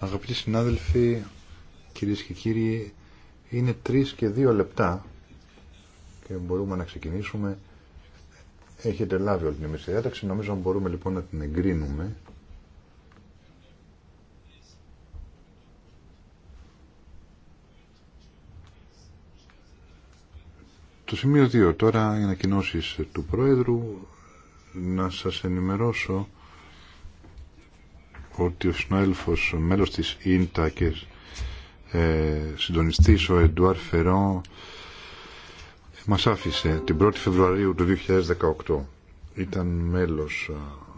Αγαπητοί συνάδελφοι, κυρίες και κύριοι, είναι τρεις και δύο λεπτά και μπορούμε να ξεκινήσουμε. Έχετε λάβει όλη την εμείς διάταξη, νομίζω μπορούμε λοιπόν να την εγκρίνουμε. Το σημείο 2 τώρα, οι ανακοινώσει του Πρόεδρου, να σας ενημερώσω ότι ο συνάδελφος μέλος της ΙΝΤΑ και ε, συντονιστής ο Εντουάρ Φερό μας άφησε την 1η Φεβρουαρίου του 2018. Ήταν μέλος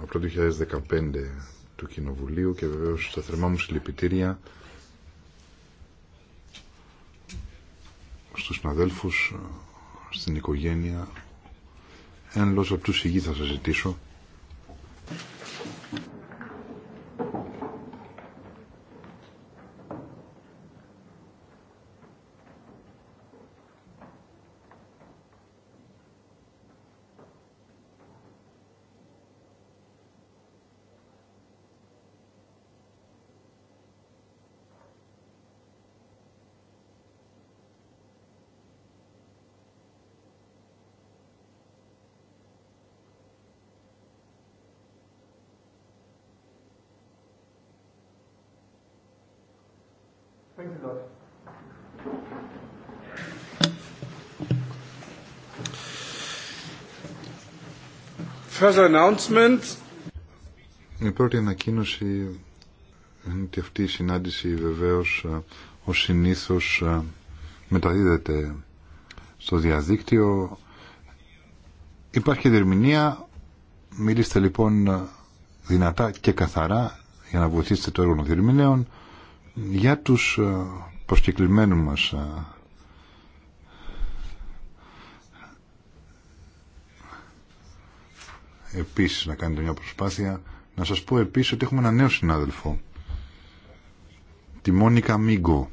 από το 2015 του Κοινοβουλίου και βεβαίως στα θερμά μου συλληπιτήρια στους συναδέλφους, στην οικογένεια. Ένα λόγο από τους θα σας ζητήσω. Η πρώτη ανακοίνωση είναι ότι αυτή η συνάντηση βεβαίως ως συνήθως μεταδίδεται στο διαδίκτυο. Υπάρχει διερμηνία. Μιλήστε λοιπόν δυνατά και καθαρά για να βοηθήσετε το έργο των διερμηνέων. Για τους ε, προσκεκλημένους μας ε, επίσης να κάνετε μια προσπάθεια να σας πω επίσης ότι έχουμε ένα νέο συνάδελφο τη Μόνικα Μίγκο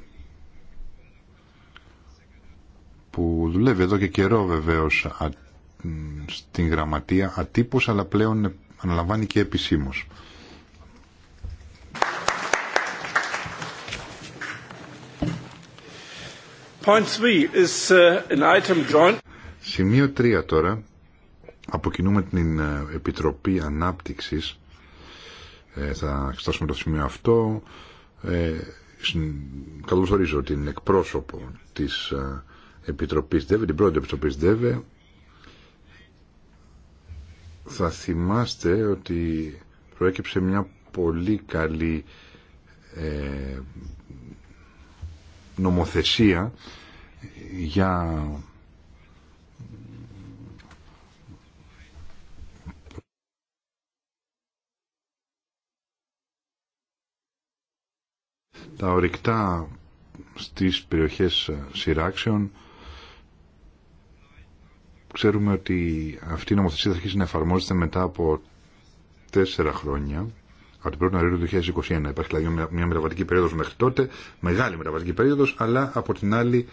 που δουλεύει εδώ και καιρό βεβαίως στην γραμματεία ατύπως αλλά πλέον αναλαμβάνει και επισήμως. Point uh, Σημείο 3 τώρα. Αποκινούμε την ε, Επιτροπή Ανάπτυξης. Ε, θα εξετάσουμε το σημείο αυτό. Ε, ορίζω την εκπρόσωπο της ε, Επιτροπής ΔΕΒΕ, την πρώτη Επιτροπής ΔΕΒΕ. Θα θυμάστε ότι προέκυψε μια πολύ καλή ε, νομοθεσία για τα ορυκτά στις περιοχές σειράξεων ξέρουμε ότι αυτή η νομοθεσία θα αρχίσει να εφαρμόζεται μετά από τέσσερα χρόνια από την 1η του 2021. Υπάρχει δηλαδή μια μεταβατική περίοδο μέχρι τότε, μεγάλη μεταβατική περίοδο, αλλά από την άλλη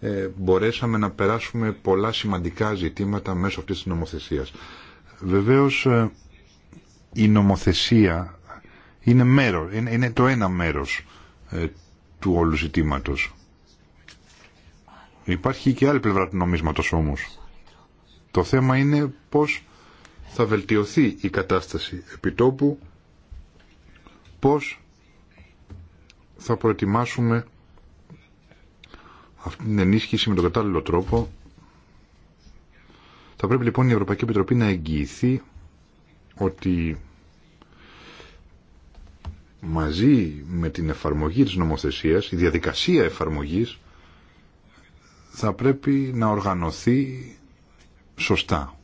ε, μπορέσαμε να περάσουμε πολλά σημαντικά ζητήματα μέσω αυτή τη νομοθεσία. Βεβαίω ε, η νομοθεσία είναι, μέρο, είναι, το ένα μέρο ε, του όλου ζητήματο. Υπάρχει και άλλη πλευρά του νομίσματος όμως. Το θέμα είναι πώς θα βελτιωθεί η κατάσταση επιτόπου πώς θα προετοιμάσουμε αυτή την ενίσχυση με τον κατάλληλο τρόπο. Θα πρέπει λοιπόν η Ευρωπαϊκή Επιτροπή να εγγυηθεί ότι μαζί με την εφαρμογή της νομοθεσίας, η διαδικασία εφαρμογής θα πρέπει να οργανωθεί σωστά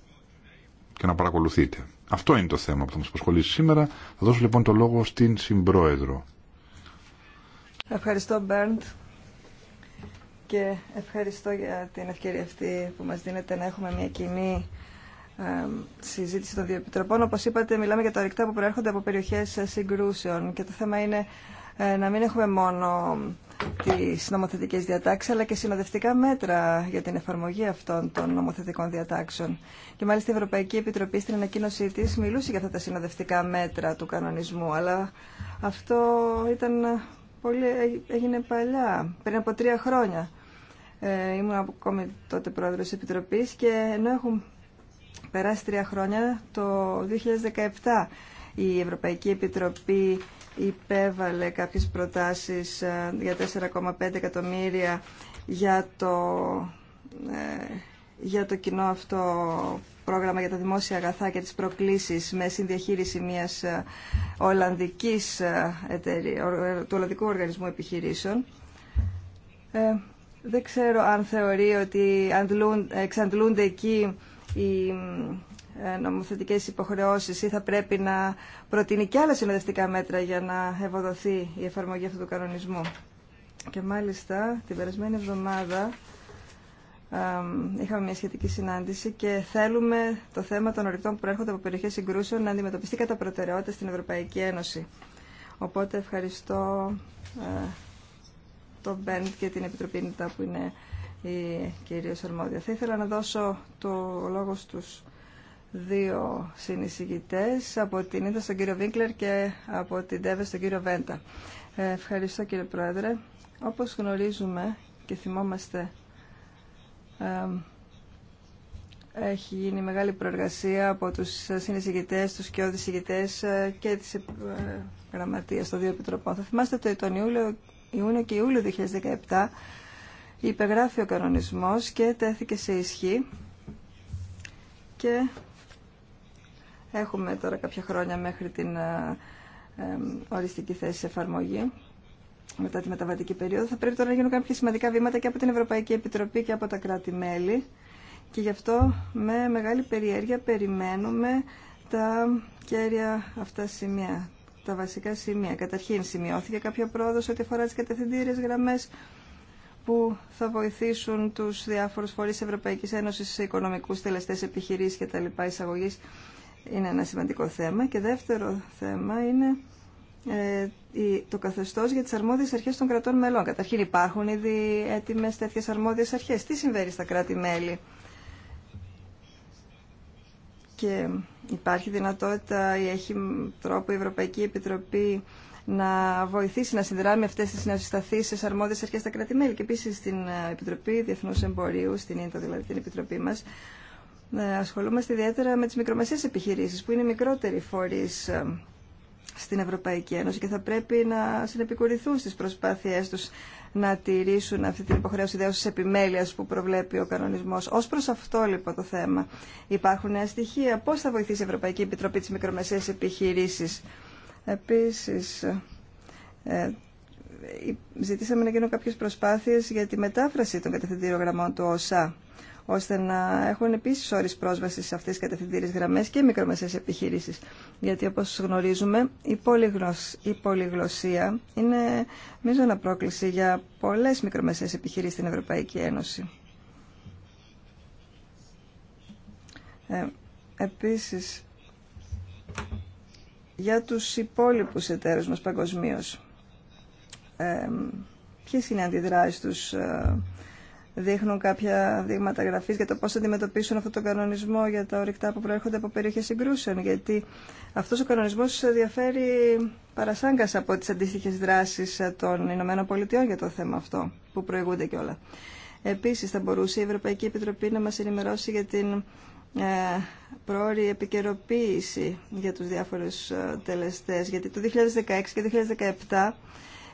και να παρακολουθείτε. Αυτό είναι το θέμα που θα μας προσχολήσει σήμερα. Θα δώσω λοιπόν το λόγο στην Συμπρόεδρο. Ευχαριστώ Μπέρντ και ευχαριστώ για την ευκαιρία αυτή που μας δίνεται να έχουμε μια κοινή συζήτηση των δύο επιτροπών. Όπως είπατε, μιλάμε για τα ρηκτά που προέρχονται από περιοχές συγκρούσεων και το θέμα είναι ε, να μην έχουμε μόνο τις νομοθετικές διατάξεις αλλά και συνοδευτικά μέτρα για την εφαρμογή αυτών των νομοθετικών διατάξεων. Και μάλιστα η Ευρωπαϊκή Επιτροπή στην ανακοίνωσή της μιλούσε για αυτά τα συνοδευτικά μέτρα του κανονισμού αλλά αυτό ήταν πολύ, έγινε παλιά, πριν από τρία χρόνια. Ε, ήμουν ακόμη τότε πρόεδρος της Επιτροπής και ενώ έχουν περάσει τρία χρόνια, το 2017 η Ευρωπαϊκή Επιτροπή υπέβαλε κάποιες προτάσεις ε, για 4,5 εκατομμύρια για το, ε, για το κοινό αυτό πρόγραμμα για τα δημόσια αγαθά και τις προκλήσεις με συνδιαχείριση μιας ε, Ολλανδικής εταιρεία, του Ολλανδικού Οργανισμού Επιχειρήσεων. δεν ξέρω αν θεωρεί ότι εξαντλούνται εκεί οι ε, νομοθετικές υποχρεώσεις ή θα πρέπει να προτείνει και άλλα συνοδευτικά μέτρα για να ευοδοθεί η εφαρμογή αυτού του κανονισμού. Και μάλιστα την περασμένη εβδομάδα είχαμε μια σχετική συνάντηση και θέλουμε το θέμα των ορεικτών που προέρχονται από περιοχές συγκρούσεων να αντιμετωπιστεί κατά προτεραιότητα στην Ευρωπαϊκή Ένωση. Οπότε ευχαριστώ ε, τον Μπέντ και την Επιτροπή ΝΙΤΑ που είναι η κυρία Σαρμόδια. Θα ήθελα να δώσω το λόγο στους δύο συνεισηγητές, από την Ίντα στον κύριο Βίνκλερ και από την Τέβε στον κύριο Βέντα. Ε, ευχαριστώ κύριε Πρόεδρε. Όπως γνωρίζουμε και θυμόμαστε, έχει γίνει μεγάλη προεργασία από τους συνεισηγητές, τους και ε, και της ε, γραμματείας των δύο επιτροπών. Θα θυμάστε ότι τον Ιούλιο, Ιούνιο και Ιούλιο 2017 υπεγράφει ο κανονισμός και τέθηκε σε ισχύ και Έχουμε τώρα κάποια χρόνια μέχρι την ε, οριστική θέση εφαρμογή μετά τη μεταβατική περίοδο. Θα πρέπει τώρα να γίνουν κάποια σημαντικά βήματα και από την Ευρωπαϊκή Επιτροπή και από τα κράτη-μέλη και γι' αυτό με μεγάλη περιέργεια περιμένουμε τα κέρια αυτά σημεία, τα βασικά σημεία. Καταρχήν σημειώθηκε κάποια πρόοδος ό,τι αφορά τις κατευθυντήριες γραμμές που θα βοηθήσουν τους διάφορους φορείς Ευρωπαϊκής Ένωσης, οικονομικούς τελεστές επιχειρήσεις και τα λοιπά εισαγωγής είναι ένα σημαντικό θέμα. Και δεύτερο θέμα είναι ε, το καθεστώς για τις αρμόδιες αρχές των κρατών μελών. Καταρχήν υπάρχουν ήδη έτοιμες τέτοιες αρμόδιες αρχές. Τι συμβαίνει στα κράτη-μέλη. Και υπάρχει δυνατότητα ή έχει τρόπο η Ευρωπαϊκή Επιτροπή να βοηθήσει να συνδράμει αυτές τις συνασταθήσεις αρμόδιες αρχές στα κράτη-μέλη. Και επίσης στην ε, Επιτροπή Διεθνούς Εμπορίου, στην ΙΝΤΑ δηλαδή την Επιτροπή μας, ε, ασχολούμαστε ιδιαίτερα με τις μικρομεσαίες επιχειρήσεις που είναι μικρότεροι φορείς ε, στην Ευρωπαϊκή Ένωση και θα πρέπει να συνεπικουρηθούν στις προσπάθειές τους να τηρήσουν αυτή την υποχρέωση δέωσης επιμέλειας που προβλέπει ο κανονισμός. Ως προς αυτό λοιπόν το θέμα υπάρχουν νέα στοιχεία. Πώς θα βοηθήσει η Ευρωπαϊκή Επιτροπή της Μικρομεσαίες Επιχειρήσεις. Επίσης, ε, ζητήσαμε να γίνουν κάποιες προσπάθειες για τη μετάφραση των κατευθυντήριων γραμμών του ΟΣΑ ώστε να έχουν επίσης όρις πρόσβαση σε αυτές τις κατευθυντήριες γραμμές και μικρομεσαίες επιχειρήσεις. Γιατί όπως γνωρίζουμε η, πολυγλωσ... η πολυγλωσία είναι μίζωνα πρόκληση για πολλές μικρομεσαίες επιχειρήσεις στην Ευρωπαϊκή Ένωση. Ε, επίσης, για τους υπόλοιπους εταίρους μας παγκοσμίως, Ε, ποιες είναι οι αντιδράσεις τους ε, δείχνουν κάποια δείγματα γραφής για το πώς θα αντιμετωπίσουν αυτόν τον κανονισμό για τα ορυκτά που προέρχονται από περιοχές συγκρούσεων, γιατί αυτός ο κανονισμός διαφέρει παρασάγκας από τις αντίστοιχες δράσεις των Ηνωμένων Πολιτειών για το θέμα αυτό, που προηγούνται κιόλα. Επίσης, θα μπορούσε η Ευρωπαϊκή Επιτροπή να μας ενημερώσει για την ε, πρόορη επικαιροποίηση για τους διάφορους ε, τελεστές, γιατί το 2016 και 2017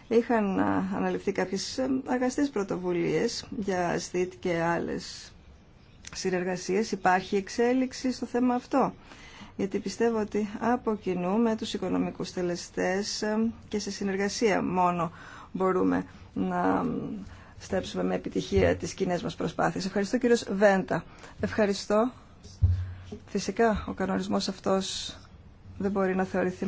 είχαν αναλυφθεί κάποιες ε, αγαστές πρωτοβουλίες για ΣΔΙΤ και άλλες συνεργασίες. Υπάρχει εξέλιξη στο θέμα αυτό. Γιατί πιστεύω ότι από κοινού με τους οικονομικούς τελεστές ε, και σε συνεργασία μόνο μπορούμε να στέψουμε με επιτυχία τις κοινέ μας προσπάθειες. Ευχαριστώ κύριος Βέντα. Ευχαριστώ. Φυσικά ο κανονισμός αυτός δεν μπορεί να θεωρηθεί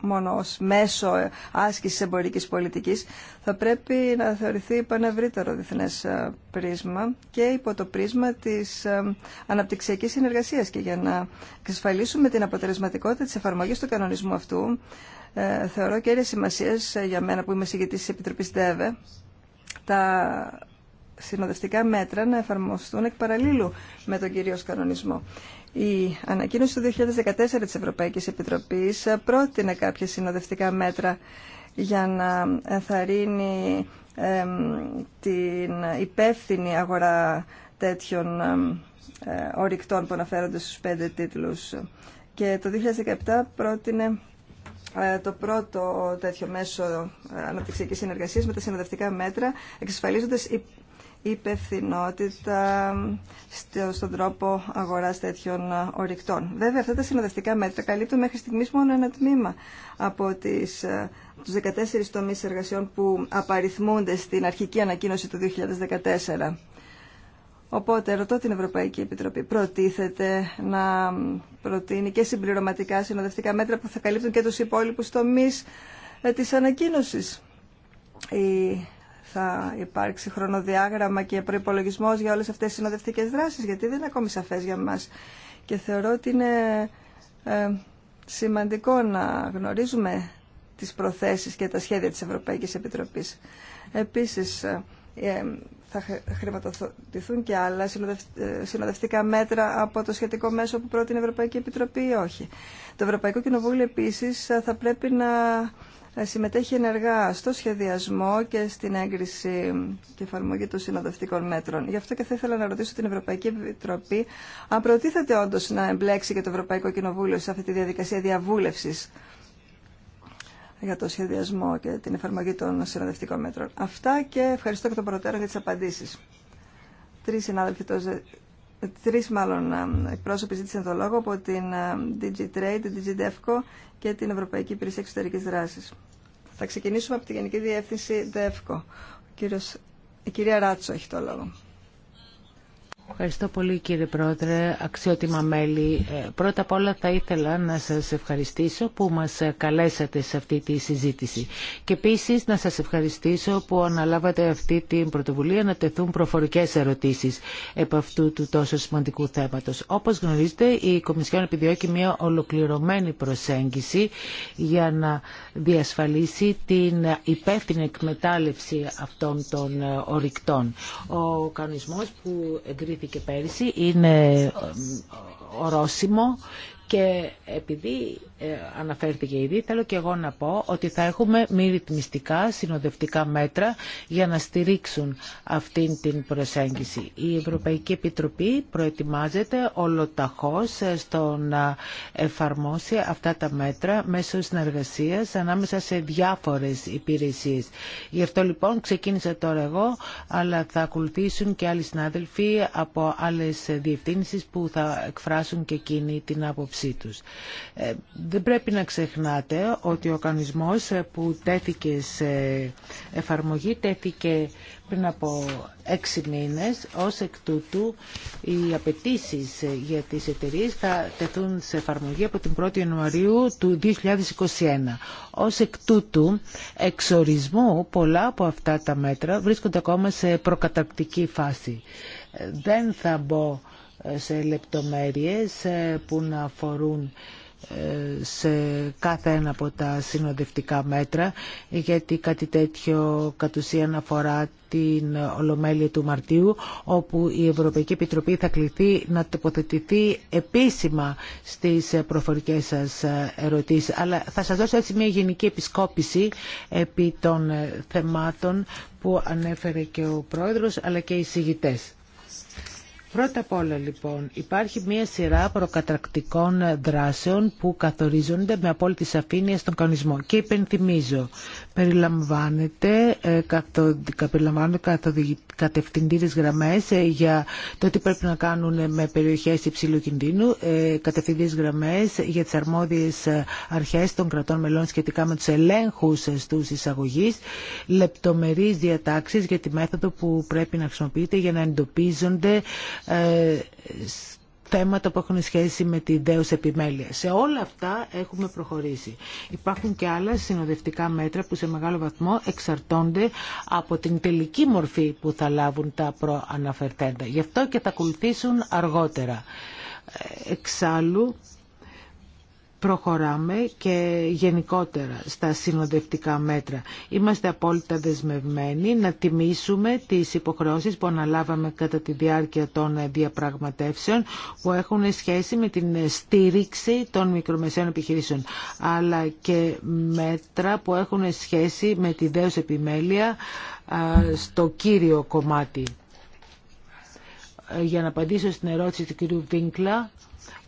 μόνο ως μέσο άσκηση εμπορικής πολιτικής, θα πρέπει να θεωρηθεί υπό ένα ευρύτερο ε, πρίσμα και υπό το πρίσμα της ε, αναπτυξιακής συνεργασίας. Και για να εξασφαλίσουμε την αποτελεσματικότητα της εφαρμογής του κανονισμού αυτού, ε, θεωρώ και είναι σημασίες για μένα που είμαι συγκεκριτή, της Επιτροπής ΔΕΒΕ, τα συνοδευτικά μέτρα να εφαρμοστούν εκ παραλίλου με τον κυρίως κανονισμό. Η ανακοίνωση του 2014 της Ευρωπαϊκής Επιτροπής πρότεινε κάποια συνοδευτικά μέτρα για να ενθαρρύνει την υπεύθυνη αγορά τέτοιων ε, ορυκτών που αναφέρονται στους πέντε τίτλους. Και το 2017 πρότεινε ε, το πρώτο τέτοιο μέσο ε, αναπτυξιακής συνεργασίας με τα συνοδευτικά μέτρα, εξασφαλίζοντας υπευθυνότητα στον τρόπο αγορά τέτοιων ορεικτών. Βέβαια αυτά τα συνοδευτικά μέτρα καλύπτουν μέχρι στιγμής μόνο ένα τμήμα από τις, τους 14 τομείς εργασιών που απαριθμούνται στην αρχική ανακοίνωση του 2014. Οπότε ρωτώ την Ευρωπαϊκή Επιτροπή, προτίθεται να προτείνει και συμπληρωματικά συνοδευτικά μέτρα που θα καλύπτουν και τους υπόλοιπους τομείς ε, της ανακοίνωσης θα υπάρξει χρονοδιάγραμμα και προπολογισμό για όλες αυτές τις συνοδευτικές δράσεις, γιατί δεν είναι ακόμη σαφές για μας. Και θεωρώ ότι είναι ε, σημαντικό να γνωρίζουμε τις προθέσεις και τα σχέδια της Ευρωπαϊκής Επιτροπής. Επίσης, ε, ε, θα χρηματοδοτηθούν και άλλα συνοδευτικά μέτρα από το σχετικό μέσο που πρότεινε η Ευρωπαϊκή Επιτροπή ή όχι. Το Ευρωπαϊκό Κοινοβούλιο επίσης θα πρέπει να συμμετέχει ενεργά στο σχεδιασμό και στην έγκριση και εφαρμογή των συνοδευτικών μέτρων. Γι' αυτό και θα ήθελα να ρωτήσω την Ευρωπαϊκή Επιτροπή αν προτίθεται όντω να εμπλέξει και το Ευρωπαϊκό Κοινοβούλιο σε αυτή τη διαδικασία διαβούλευση για το σχεδιασμό και την εφαρμογή των συνοδευτικών μέτρων. Αυτά και ευχαριστώ και τον Προτέρα για τι απαντήσει. Τρει συνάδελφοι τρεις μάλλον ε, εκπρόσωποι ζήτησαν το λόγο από την ε, DigiTrade, την DigiDefco και την Ευρωπαϊκή Υπηρεσία Εξωτερική Δράση. Θα ξεκινήσουμε από τη Γενική Διεύθυνση ΔΕΦΚΟ. κύριος, η κυρία Ράτσο έχει το λόγο. Ευχαριστώ πολύ κύριε Πρόεδρε, αξιότιμα μέλη. Ε, πρώτα απ' όλα θα ήθελα να σας ευχαριστήσω που μας καλέσατε σε αυτή τη συζήτηση. Και επίσης να σας ευχαριστήσω που αναλάβατε αυτή την πρωτοβουλία να τεθούν προφορικές ερωτήσεις επ' αυτού του τόσο σημαντικού θέματος. Όπως γνωρίζετε η Κομισιόν επιδιώκει μια ολοκληρωμένη προσέγγιση για να διασφαλίσει την υπεύθυνη εκμετάλλευση αυτών των ε, ορυκτών. Ο κανονισμός που και πέρυσι, είναι ε, ορόσημο και επειδή ε, αναφέρθηκε ήδη, θέλω και εγώ να πω ότι θα έχουμε μη ρυθμιστικά συνοδευτικά μέτρα για να στηρίξουν αυτή την προσέγγιση. Η Ευρωπαϊκή Επιτροπή προετοιμάζεται ολοταχώς ε, στο να εφαρμόσει αυτά τα μέτρα μέσω συνεργασίας ανάμεσα σε διάφορες υπηρεσίες. Γι' αυτό λοιπόν ξεκίνησα τώρα εγώ, αλλά θα ακολουθήσουν και άλλοι συνάδελφοι από άλλες διευθύνσεις που θα εκφράσουν και εκείνη την άποψη ε, δεν πρέπει να ξεχνάτε ότι ο κανονισμός ε, που τέθηκε σε εφαρμογή τέθηκε πριν από έξι μήνες. Ως εκ τούτου οι απαιτήσει ε, για τις εταιρείε θα τεθούν σε εφαρμογή από την 1η Ιανουαρίου του 2021. Ως εκ τούτου εξορισμού πολλά από αυτά τα μέτρα βρίσκονται ακόμα σε προκαταρκτική φάση. Δεν θα μπω σε λεπτομέρειες ε, που να αφορούν ε, σε κάθε ένα από τα συνοδευτικά μέτρα γιατί κάτι τέτοιο κατ' ουσίαν αφορά την Ολομέλεια του Μαρτίου όπου η Ευρωπαϊκή Επιτροπή θα κληθεί να τοποθετηθεί επίσημα στις προφορικές σας ερωτήσεις αλλά θα σας δώσω έτσι μια γενική επισκόπηση επί των θεμάτων που ανέφερε και ο Πρόεδρος αλλά και οι συγητές. Πρώτα απ' όλα λοιπόν υπάρχει μια σειρά προκατρακτικών δράσεων που καθορίζονται με απόλυτη σαφήνεια στον κανονισμό και υπενθυμίζω περιλαμβάνεται, ε, περιλαμβάνονται κατευθυντήρες γραμμές ε, για το τι πρέπει να κάνουν με περιοχές υψηλού κινδύνου, ε, κατευθυντήρες γραμμές για τις αρμόδιες αρχές των κρατών μελών σχετικά με τους ελέγχους στους εισαγωγείς, λεπτομερείς διατάξεις για τη μέθοδο που πρέπει να χρησιμοποιείται για να εντοπίζονται θέματα που έχουν σχέση με τη δέους επιμέλεια. Σε όλα αυτά έχουμε προχωρήσει. Υπάρχουν και άλλα συνοδευτικά μέτρα που σε μεγάλο βαθμό εξαρτώνται από την τελική μορφή που θα λάβουν τα προαναφερθέντα. Γι' αυτό και θα ακολουθήσουν αργότερα. Ε, εξάλλου, προχωράμε και γενικότερα στα συνοδευτικά μέτρα. Είμαστε απόλυτα δεσμευμένοι να τιμήσουμε τις υποχρεώσεις που αναλάβαμε κατά τη διάρκεια των διαπραγματεύσεων που έχουν σχέση με την στήριξη των μικρομεσαίων επιχειρήσεων αλλά και μέτρα που έχουν σχέση με τη δέος επιμέλεια στο κύριο κομμάτι για να απαντήσω στην ερώτηση του κυρίου Βίνκλα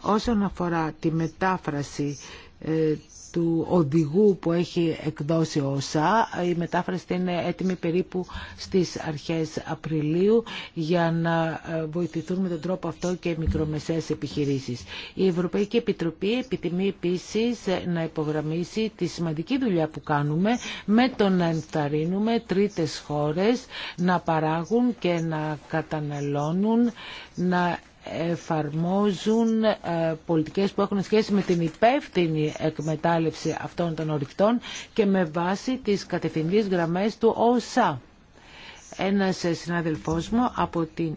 όσον αφορά τη μετάφραση ε, του οδηγού που έχει εκδώσει ο ΩΣΑ. Η μετάφραση είναι έτοιμη περίπου στις αρχές Απριλίου για να ε, βοηθηθούν με τον τρόπο αυτό και οι μικρομεσαίες επιχειρήσεις. Η Ευρωπαϊκή Επιτροπή επιθυμεί επίση ε, να υπογραμμίσει τη σημαντική δουλειά που κάνουμε με το να ενθαρρύνουμε τρίτες χώρες να παράγουν και να καταναλώνουν, να εφαρμόζουν ε, πολιτικές που έχουν σχέση με την υπεύθυνη εκμετάλλευση αυτών των ορυκτών και με βάση τις κατευθυντικές γραμμές του ΟΣΑ. Ένας συνάδελφός μου από την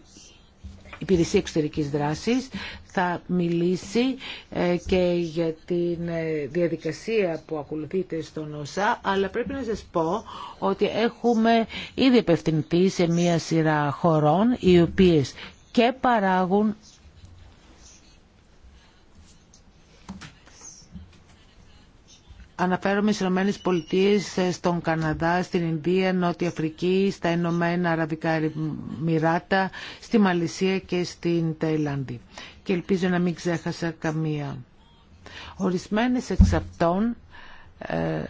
Υπηρεσία Εξωτερικής Δράσης θα μιλήσει ε, και για τη ε, διαδικασία που ακολουθείται στον Όσα, αλλά πρέπει να σας πω ότι έχουμε ήδη επευθυνθεί σε μία σειρά χωρών οι οποίες και παράγουν Αναφέρομαι στι Ηνωμένε Πολιτείε, ε, στον Καναδά, στην Ινδία, Νότια Αφρική, στα Ηνωμένα Αραβικά Εμμυράτα, στη Μαλισία και στην Ταϊλάνδη. Και ελπίζω να μην ξέχασα καμία. Ορισμένες εξ αυτών ε,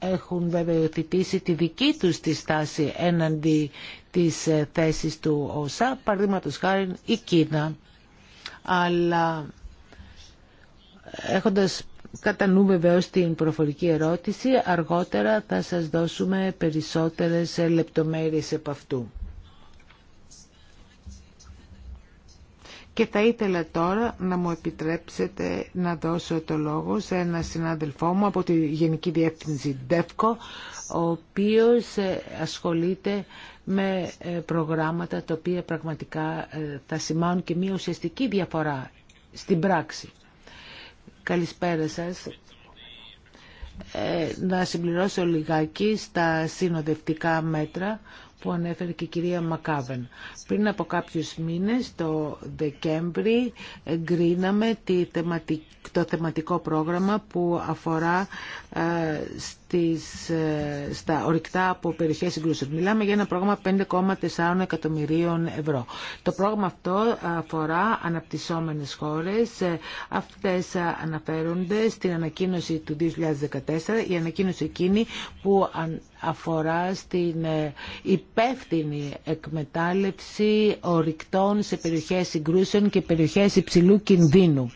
έχουν βεβαιωθεί τη δική τους τη στάση έναντι τις ε, θέσεις του ΟΣΑ, παραδείγματος χάρη η Κίνα. Αλλά ε, έχοντας κατά νου βεβαίως την προφορική ερώτηση, αργότερα θα σας δώσουμε περισσότερες ε, λεπτομέρειες από αυτού. Και θα ήθελα τώρα να μου επιτρέψετε να δώσω το λόγο σε ένα συνάδελφό μου από τη Γενική Διεύθυνση ΔΕΦΚΟ, ο οποίος ασχολείται με ε, προγράμματα τα οποία πραγματικά ε, θα σημάνουν και μια ουσιαστική διαφορά στην πράξη. Καλησπέρα σας. Ε, να συμπληρώσω λιγάκι στα συνοδευτικά μέτρα που ανέφερε και η κυρία Μακάβεν. Πριν από κάποιους μήνες, το Δεκέμβρη, εγκρίναμε το θεματικό πρόγραμμα που αφορά ε, στις, ε, στα ορυκτά από περιοχές συγκρούσεων. Μιλάμε για ένα πρόγραμμα 5,4 εκατομμυρίων ευρώ. Το πρόγραμμα αυτό αφορά αναπτυσσόμενες χώρες. Ε, αυτές αναφέρονται στην ανακοίνωση του 2014, η ανακοίνωση εκείνη που αφορά στην ε, υπεύθυνη εκμετάλλευση ορυκτών σε περιοχές συγκρούσεων και περιοχές υψηλού κινδύνου.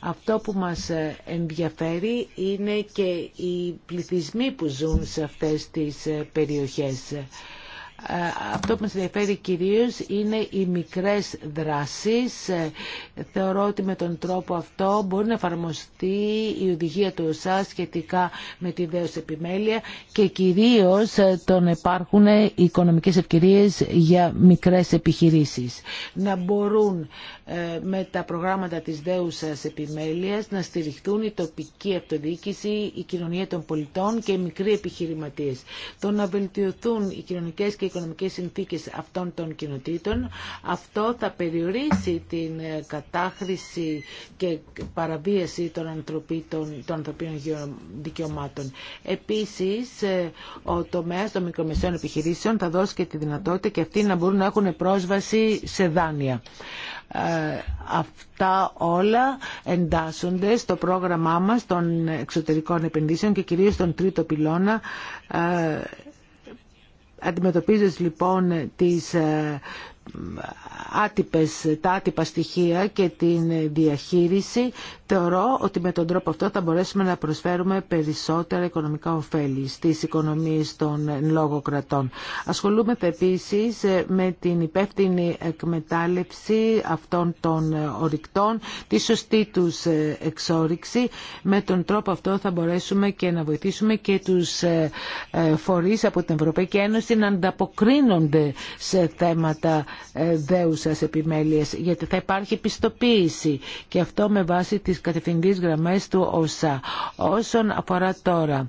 Αυτό που μας ε, ενδιαφέρει είναι και οι πληθυσμοί που ζουν σε αυτές τις ε, περιοχές. Αυτό που μας ενδιαφέρει κυρίως είναι οι μικρές δράσεις. Θεωρώ ότι με τον τρόπο αυτό μπορεί να εφαρμοστεί η οδηγία του ΩΣΑ σχετικά με τη δέωση επιμέλεια και κυρίως τον να υπάρχουν οικονομικές ευκαιρίες για μικρές επιχειρήσεις. Να μπορούν ε, με τα προγράμματα της δέουσας επιμέλειας να στηριχτούν η τοπική αυτοδιοίκηση, η κοινωνία των πολιτών και οι μικροί επιχειρηματίες. Το να βελτιωθούν οι κοινωνικές και οικονομικές συνθήκες αυτών των κοινοτήτων, αυτό θα περιορίσει την ε, κατάχρηση και παραβίαση των, των ανθρωπίνων δικαιωμάτων. Επίσης, ε, ο τομέας των μικρομεσαίων επιχειρήσεων θα δώσει και τη δυνατότητα και αυτοί να μπορούν να έχουν πρόσβαση σε δάνεια αυτά όλα εντάσσονται στο πρόγραμμά μας των εξωτερικών επενδύσεων και κυρίως τον τρίτο πυλώνα ε, Αντιμετωπίζεις λοιπόν τις ε, άτυπες, τα άτυπα στοιχεία και την διαχείριση θεωρώ ότι με τον τρόπο αυτό θα μπορέσουμε να προσφέρουμε περισσότερα οικονομικά ωφέλη στις οικονομίες των λόγω κρατών. Ασχολούμεται επίσης με την υπεύθυνη εκμετάλλευση αυτών των ορυκτών, τη σωστή τους εξόριξη. Με τον τρόπο αυτό θα μπορέσουμε και να βοηθήσουμε και τους ε, ε, φορείς από την Ευρωπαϊκή Ένωση να ανταποκρίνονται σε θέματα ε, δέουσας επιμέλειας γιατί θα υπάρχει πιστοποίηση και αυτό με βάση τις κατευθυντής γραμμές του ΟΣΑ. Όσον αφορά τώρα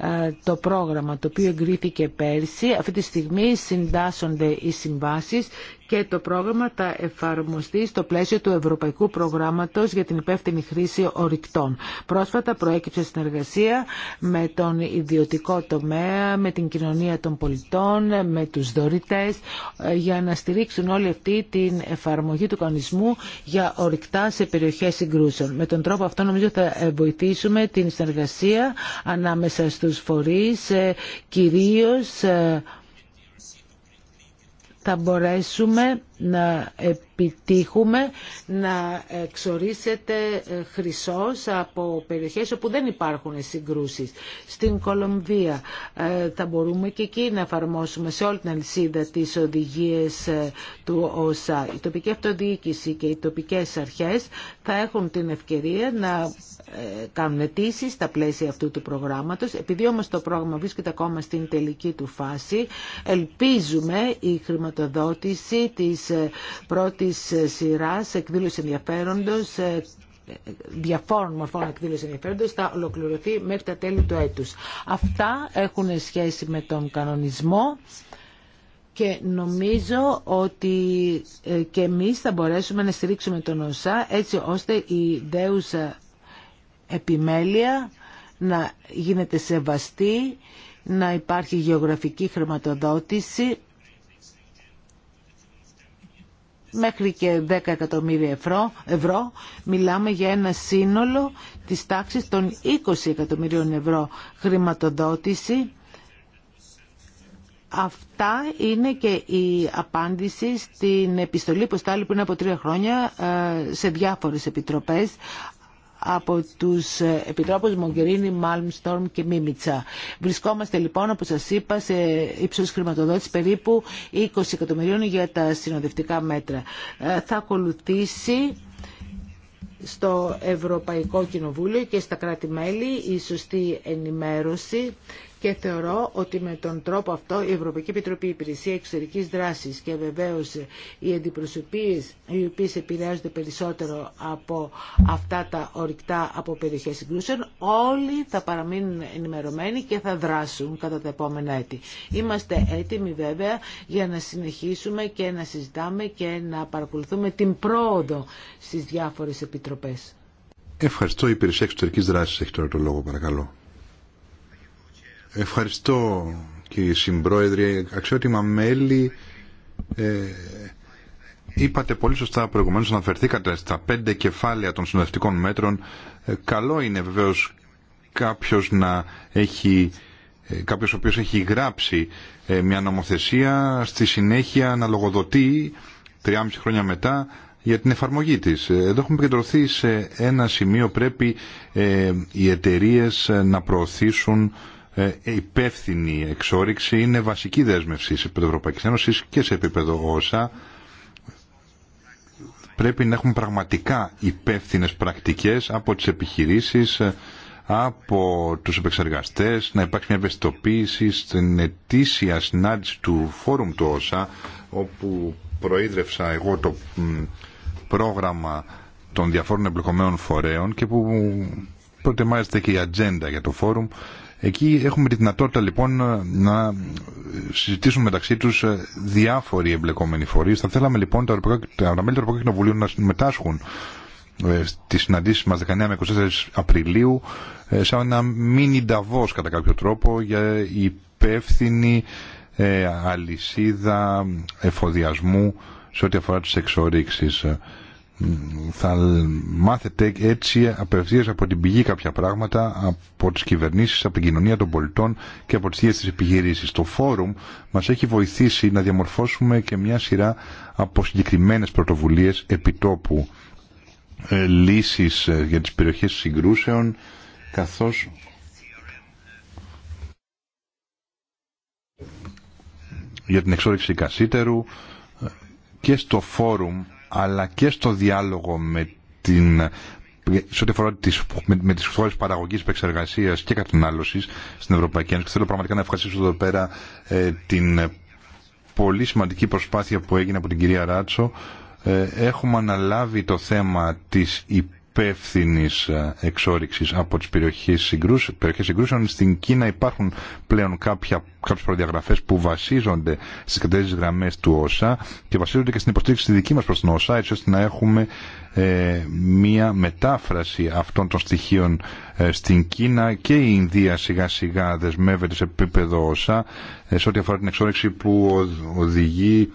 ε, το πρόγραμμα το οποίο εγκρίθηκε πέρσι. Αυτή τη στιγμή συντάσσονται οι συμβάσεις και το πρόγραμμα θα εφαρμοστεί στο πλαίσιο του Ευρωπαϊκού Προγράμματος για την υπεύθυνη χρήση ορυκτών. Πρόσφατα προέκυψε συνεργασία με τον ιδιωτικό τομέα, με την κοινωνία των πολιτών, με τους δωρητές, ε, για να στηρίξουν όλη αυτή την εφαρμογή του κανονισμού για ορυκτά σε περιοχές συγκρούσεων. Με τον τρόπο αυτό νομίζω θα βοηθήσουμε την συνεργασία ανάμεσα τους φορείς, ε, κυρίως ε, θα μπορέσουμε να επιτύχουμε να εξορίσετε ε, χρυσός από περιοχές όπου δεν υπάρχουν συγκρούσεις. Στην Κολομβία ε, θα μπορούμε και εκεί να εφαρμόσουμε σε όλη την αλυσίδα τις οδηγίες ε, του ΩΣΑ. Η τοπική αυτοδιοίκηση και οι τοπικές αρχές θα έχουν την ευκαιρία να κάνουν αιτήσει στα πλαίσια αυτού του προγράμματος. Επειδή όμως το πρόγραμμα βρίσκεται ακόμα στην τελική του φάση, ελπίζουμε η χρηματοδότηση της πρώτης σειράς εκδήλωση ενδιαφέροντος ε, διαφόρων μορφών εκδήλωση ενδιαφέροντος θα ολοκληρωθεί μέχρι τα τέλη του έτους. Αυτά έχουν σχέση με τον κανονισμό και νομίζω ότι ε, και εμείς θα μπορέσουμε να στηρίξουμε τον ΩΣΑ έτσι ώστε η δέουσα επιμέλεια να γίνεται σεβαστή, να υπάρχει γεωγραφική χρηματοδότηση μέχρι και 10 εκατομμύρια ευρώ, ευρώ. Μιλάμε για ένα σύνολο της τάξης των 20 εκατομμυρίων ευρώ χρηματοδότηση. Αυτά είναι και η απάντηση στην επιστολή που στάλει πριν από τρία χρόνια ε, σε διάφορες επιτροπές από τους ε, επιτρόπους Μογκερίνη, Μάλμστορμ και Μίμητσα. Βρισκόμαστε λοιπόν, όπως σας είπα, σε ύψος χρηματοδότηση περίπου 20 εκατομμυρίων για τα συνοδευτικά μέτρα. Ε, θα ακολουθήσει στο Ευρωπαϊκό Κοινοβούλιο και στα κράτη-μέλη η σωστή ενημέρωση και θεωρώ ότι με τον τρόπο αυτό η Ευρωπαϊκή Επιτροπή η Υπηρεσία Εξωτερικής Δράσης και βεβαίως οι αντιπροσωπείες οι οποίες επηρεάζονται περισσότερο από αυτά τα ορυκτά από περιοχές συγκρούσεων όλοι θα παραμείνουν ενημερωμένοι και θα δράσουν κατά τα επόμενα έτη. Είμαστε έτοιμοι βέβαια για να συνεχίσουμε και να συζητάμε και να παρακολουθούμε την πρόοδο στις διάφορες επιτροπές. Ευχαριστώ. Η Υπηρεσία Εξωτερικής Δράσης έχει τώρα το λόγο παρακαλώ. Ευχαριστώ κύριε Συμπρόεδρε, αξιότιμα μέλη. Ε, είπατε πολύ σωστά προηγουμένως, αναφερθήκατε στα πέντε κεφάλαια των συνοδευτικών μέτρων. Ε, καλό είναι βεβαίως κάποιος να έχει ε, κάποιος ο οποίος έχει γράψει ε, μια νομοθεσία στη συνέχεια να λογοδοτεί 3,5 χρόνια μετά για την εφαρμογή της. Εδώ έχουμε επικεντρωθεί σε ένα σημείο πρέπει οι εταιρείε να προωθήσουν ε, υπεύθυνη εξόριξη είναι βασική δέσμευση σε επίπεδο Ευρωπαϊκής Ένωσης και σε επίπεδο όσα πρέπει να έχουν πραγματικά υπεύθυνες πρακτικές από τις επιχειρήσεις, ε, από τους επεξεργαστές, να υπάρχει μια ευαισθητοποίηση στην ετήσια συνάντηση του φόρουμ του ΩΣΑ, όπου προείδρευσα εγώ το πρόγραμμα των διαφόρων εμπλεκομένων φορέων και που προτιμάζεται και η ατζέντα για το φόρουμ. Εκεί έχουμε τη δυνατότητα λοιπόν να συζητήσουν μεταξύ του ε, διάφοροι εμπλεκόμενοι φορεί. Θα θέλαμε λοιπόν τα, τα μέλη του Ευρωπαϊκού Κοινοβουλίου να συμμετάσχουν ε, στι συναντήσει μα 19 με 24 Απριλίου, ε, σαν ένα μίνι νταβό κατά κάποιο τρόπο για υπεύθυνη αλυσίδα εφοδιασμού σε ό,τι αφορά τι εξορίξει θα μάθετε έτσι απευθείας από την πηγή κάποια πράγματα από τις κυβερνήσεις, από την κοινωνία των πολιτών και από τις ίδιες τι επιχειρήσεις. Το φόρουμ μας έχει βοηθήσει να διαμορφώσουμε και μια σειρά από συγκεκριμένε πρωτοβουλίες επιτόπου ε, λύσεις ε, για τις περιοχές συγκρούσεων καθώς για την εξόριξη κασίτερου ε, και στο φόρουμ αλλά και στο διάλογο με την σε ό,τι αφορά τις, με, τις χώρες παραγωγής, επεξεργασίας και κατανάλωσης στην Ευρωπαϊκή Ένωση. θέλω πραγματικά να ευχαριστήσω εδώ πέρα ε, την ε, πολύ σημαντική προσπάθεια που έγινε από την κυρία Ράτσο. Ε, έχουμε αναλάβει το θέμα της υπεύθυνη ε, εξόριξη από τι περιοχέ συγκρούσεων. Στην Κίνα υπάρχουν πλέον κάποια, κάποιες προδιαγραφές που βασίζονται στι κατέσεις γραμμέ του ΩΣΑ και βασίζονται και στην υποστήριξη τη δική μα προ την ΩΣΑ έτσι ώστε να έχουμε ε, μία μετάφραση αυτών των στοιχείων ε, στην Κίνα και η Ινδία σιγά σιγά δεσμεύεται σε επίπεδο ΩΣΑ σε ό,τι αφορά την εξόριξη που οδηγεί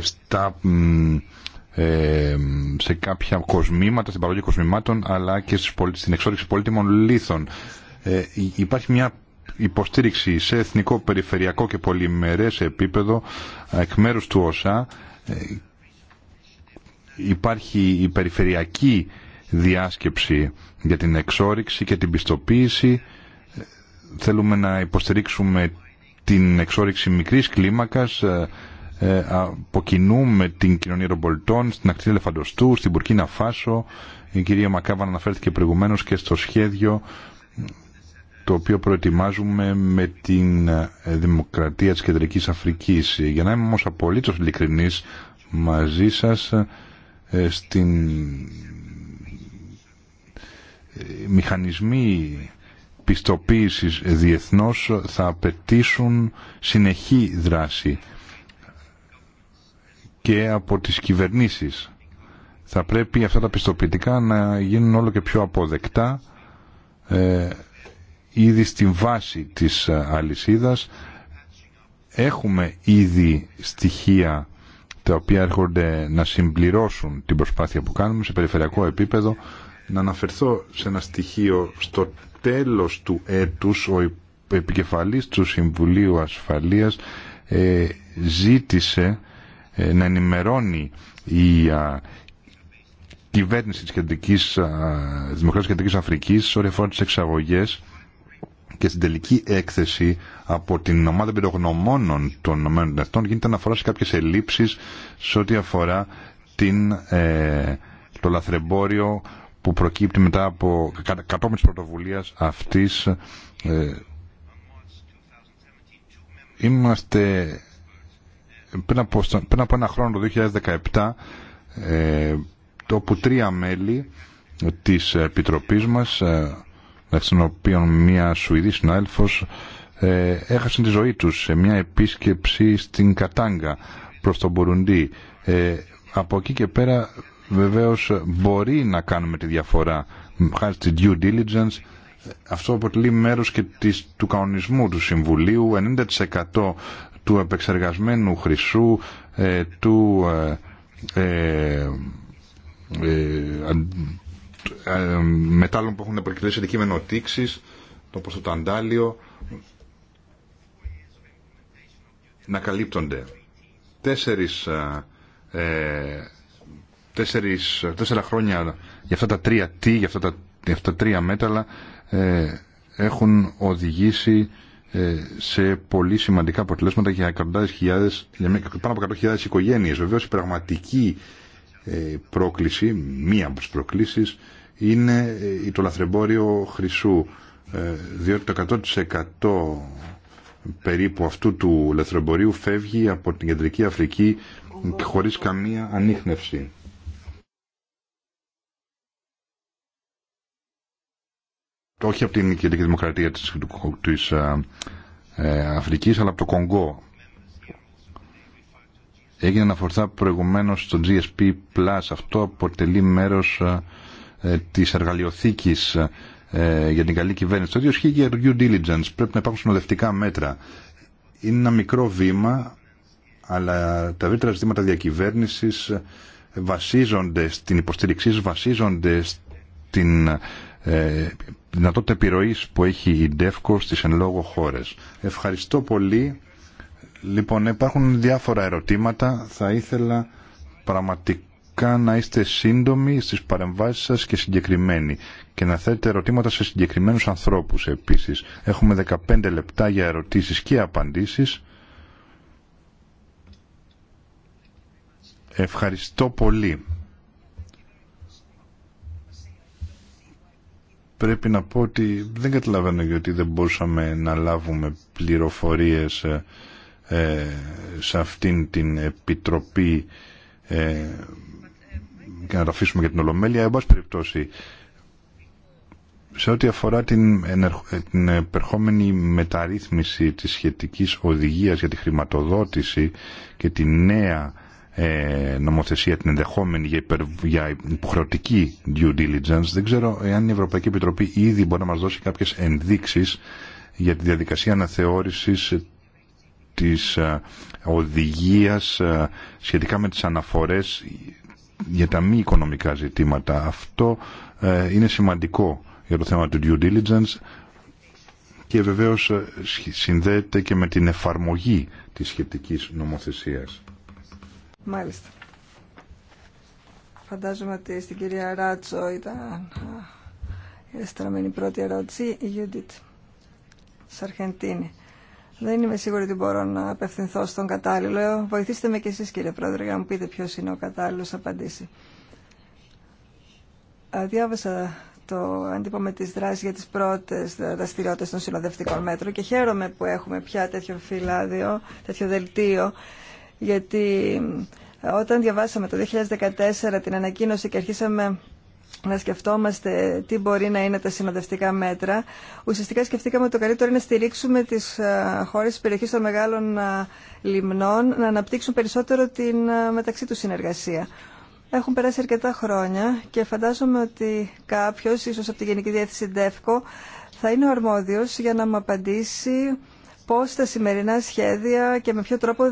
στα σε κάποια κοσμήματα, στην παραγωγή κοσμημάτων, αλλά και στην εξόριξη πολύτιμων λίθων. Ε, υπάρχει μια υποστήριξη σε εθνικό, περιφερειακό και πολυμερές επίπεδο ε, εκ μέρους του ΩΣΑ. Ε, υπάρχει η περιφερειακή διάσκεψη για την εξόριξη και την πιστοποίηση. Θέλουμε να υποστηρίξουμε την εξόριξη μικρής κλίμακας ε, την κοινωνία των πολιτών στην ακτή Ελεφαντοστού, στην Πουρκίνα Φάσο. Η κυρία Μακάβα αναφέρθηκε προηγουμένω και στο σχέδιο το οποίο προετοιμάζουμε με την ε, Δημοκρατία της Κεντρικής Αφρικής. Για να είμαι όμως απολύτως ειλικρινής μαζί σας ε, στην ε, μηχανισμοί πιστοποίησης διεθνώς θα απαιτήσουν συνεχή δράση και από τις κυβερνήσεις. Θα πρέπει αυτά τα πιστοποιητικά να γίνουν όλο και πιο αποδεκτά ε, ήδη στην βάση της ε, αλυσίδας. Έχουμε ήδη στοιχεία τα οποία έρχονται να συμπληρώσουν την προσπάθεια που κάνουμε σε περιφερειακό επίπεδο. Να αναφερθώ σε ένα στοιχείο στο τέλος του έτους ο επικεφαλής του Συμβουλίου Ασφαλείας ε, ζήτησε ε, να ενημερώνει η κυβέρνηση της, κεντρικής, της Δημοκρατίας Κεντρικής Αφρικής ό,τι αφορά τις εξαγωγές και στην τελική έκθεση από την ομάδα πυρογνωμόνων των ΗΠΑ γίνεται αναφορά σε κάποιες ελλείψεις σε ό,τι αφορά την, ε, το λαθρεμπόριο που προκύπτει μετά από κατόπιν πρωτοβουλίας αυτής ε, είμαστε πριν από, πριν ένα χρόνο το 2017 ε, όπου τρία μέλη της Επιτροπής μας ε, μεταξύ των οποίων μία Σουηδή συνάδελφος ε, έχασαν τη ζωή τους σε μια επίσκεψη στην Κατάγκα προς τον Μπουρουντή. Ε, από εκεί και πέρα βεβαίως μπορεί να κάνουμε τη διαφορά χάρη στη due diligence αυτό αποτελεί μέρος και της, του κανονισμού του Συμβουλίου 90% του επεξεργασμένου χρυσού, ε, του ε, ε, μετάλλων που έχουν επικοινωνήσει αντικείμενο τήξης, όπως το ταντάλιο, να καλύπτονται. Τέσσερις, ε, τέσσερις, τέσσερα χρόνια για αυτά τα τρία τι, για αυτά τα, αυτά τα τρία μέταλλα ε, έχουν οδηγήσει ε, σε πολύ σημαντικά αποτελέσματα για χιλιάδες, πάνω από 100.000 οικογένειες. Βεβαίως η πραγματική ε, πρόκληση, μία από τις προκλήσεις, είναι ε, το λαθρεμπόριο χρυσού, διότι το 100% περίπου αυτού του λαθρεμπορίου φεύγει από την Κεντρική Αφρική χωρίς καμία ανείχνευση. όχι από την Κεντρική Δημοκρατία της, της ε, ε, Αφρικής, αλλά από το Κονγκό. Έγινε αναφορθά προηγουμένως στο GSP+. Αυτό αποτελεί μέρος ε, ε της εργαλειοθήκης για την καλή κυβέρνηση. Το ίδιο ισχύει για το due diligence. Πρέπει να υπάρχουν συνοδευτικά μέτρα. Είναι ένα μικρό βήμα, αλλά τα ευρύτερα ζητήματα διακυβέρνησης βασίζονται στην υποστήριξή βασίζονται στην δυνατότητα επιρροή που έχει η ΔΕΦΚΟ στι εν λόγω χώρε. Ευχαριστώ πολύ. Λοιπόν, υπάρχουν διάφορα ερωτήματα. Θα ήθελα πραγματικά να είστε σύντομοι στις παρεμβάσεις σας και συγκεκριμένοι και να θέλετε ερωτήματα σε συγκεκριμένους ανθρώπους επίσης. Έχουμε 15 λεπτά για ερωτήσεις και απαντήσεις. Ευχαριστώ πολύ. πρέπει να πω ότι δεν καταλαβαίνω γιατί δεν μπορούσαμε να λάβουμε πληροφορίες ε, ε σε αυτήν την επιτροπή ε, και να τα αφήσουμε για την Ολομέλεια. Εν περιπτώσει, σε ό,τι αφορά την, την επερχόμενη μεταρρύθμιση της σχετικής οδηγίας για τη χρηματοδότηση και τη νέα ε, νομοθεσία την ενδεχόμενη για, υπερ, για υποχρεωτική due diligence. Δεν ξέρω εάν η Ευρωπαϊκή Επιτροπή ήδη μπορεί να μας δώσει κάποιες ενδείξεις για τη διαδικασία αναθεώρησης της ε, οδηγίας ε, σχετικά με τις αναφορές για τα μη οικονομικά ζητήματα. Αυτό είναι σημαντικό για το θέμα του due diligence και βεβαίως συνδέεται και με την εφαρμογή της σχετικής νομοθεσίας. Μάλιστα. Φαντάζομαι ότι στην κυρία Ράτσο ήταν η η πρώτη ερώτηση, η Γιούντιτ Σαρχεντίνη. Δεν είμαι σίγουρη ότι μπορώ να απευθυνθώ στον κατάλληλο. Βοηθήστε με κι εσείς κύριε Πρόεδρε για να μου πείτε ποιος είναι ο κατάλληλος απαντήσει. Διάβασα το με τη δράση για τις πρώτες δραστηριότητε των συνοδευτικών μέτρων και χαίρομαι που έχουμε πια τέτοιο φυλάδιο, τέτοιο δελτίο γιατί ε, όταν διαβάσαμε το 2014 την ανακοίνωση και αρχίσαμε να σκεφτόμαστε τι μπορεί να είναι τα συνοδευτικά μέτρα, ουσιαστικά σκεφτήκαμε ότι το καλύτερο είναι να στηρίξουμε τις ε, χώρες της περιοχής των μεγάλων ε, λιμνών να αναπτύξουν περισσότερο την μεταξύ τους συνεργασία. Έχουν περάσει αρκετά χρόνια και φαντάζομαι ότι κάποιος, ίσως από τη Γενική Διεύθυνση ΔΕΦΚΟ, θα είναι ο αρμόδιος για να μου απαντήσει πώς τα σημερινά σχέδια και με ποιο τρόπο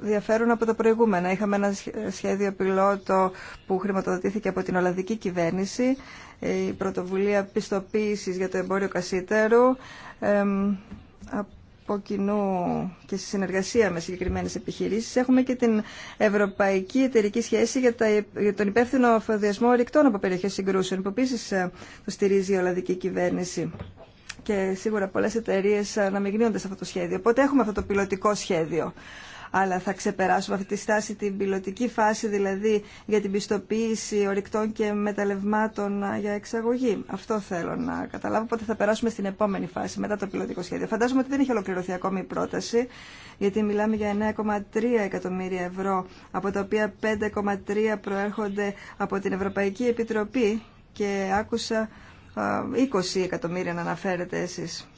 διαφέρουν από τα προηγούμενα. Είχαμε ένα σχέδιο πιλότο που χρηματοδοτήθηκε από την Ολλανδική κυβέρνηση, ε, η πρωτοβουλία πιστοποίησης για το εμπόριο κασίτερου, από κοινού και στη συνεργασία με συγκεκριμένες επιχειρήσεις. Έχουμε και την Ευρωπαϊκή Εταιρική Σχέση για, τον υπεύθυνο αφοδιασμό ρηκτών από περιοχές συγκρούσεων, που επίση ε, το στηρίζει η Ολλανδική κυβέρνηση και σίγουρα πολλές εταιρείες αναμειγνύονται ε, σε αυτό το σχέδιο. Οπότε έχουμε αυτό το πιλωτικό σχέδιο. Αλλά θα ξεπεράσουμε αυτή τη στάση, την πιλωτική φάση δηλαδή για την πιστοποίηση ορυκτών και μεταλλευμάτων ε, για εξαγωγή. Αυτό θέλω να καταλάβω. Οπότε θα περάσουμε στην επόμενη φάση μετά το πιλωτικό σχέδιο. Φαντάζομαι ότι δεν έχει ολοκληρωθεί ακόμη η πρόταση, γιατί μιλάμε για 9,3 εκατομμύρια ευρώ, από τα οποία 5,3 προέρχονται από την Ευρωπαϊκή Επιτροπή και άκουσα 20 εκατομμύρια να αναφέρετε εσείς.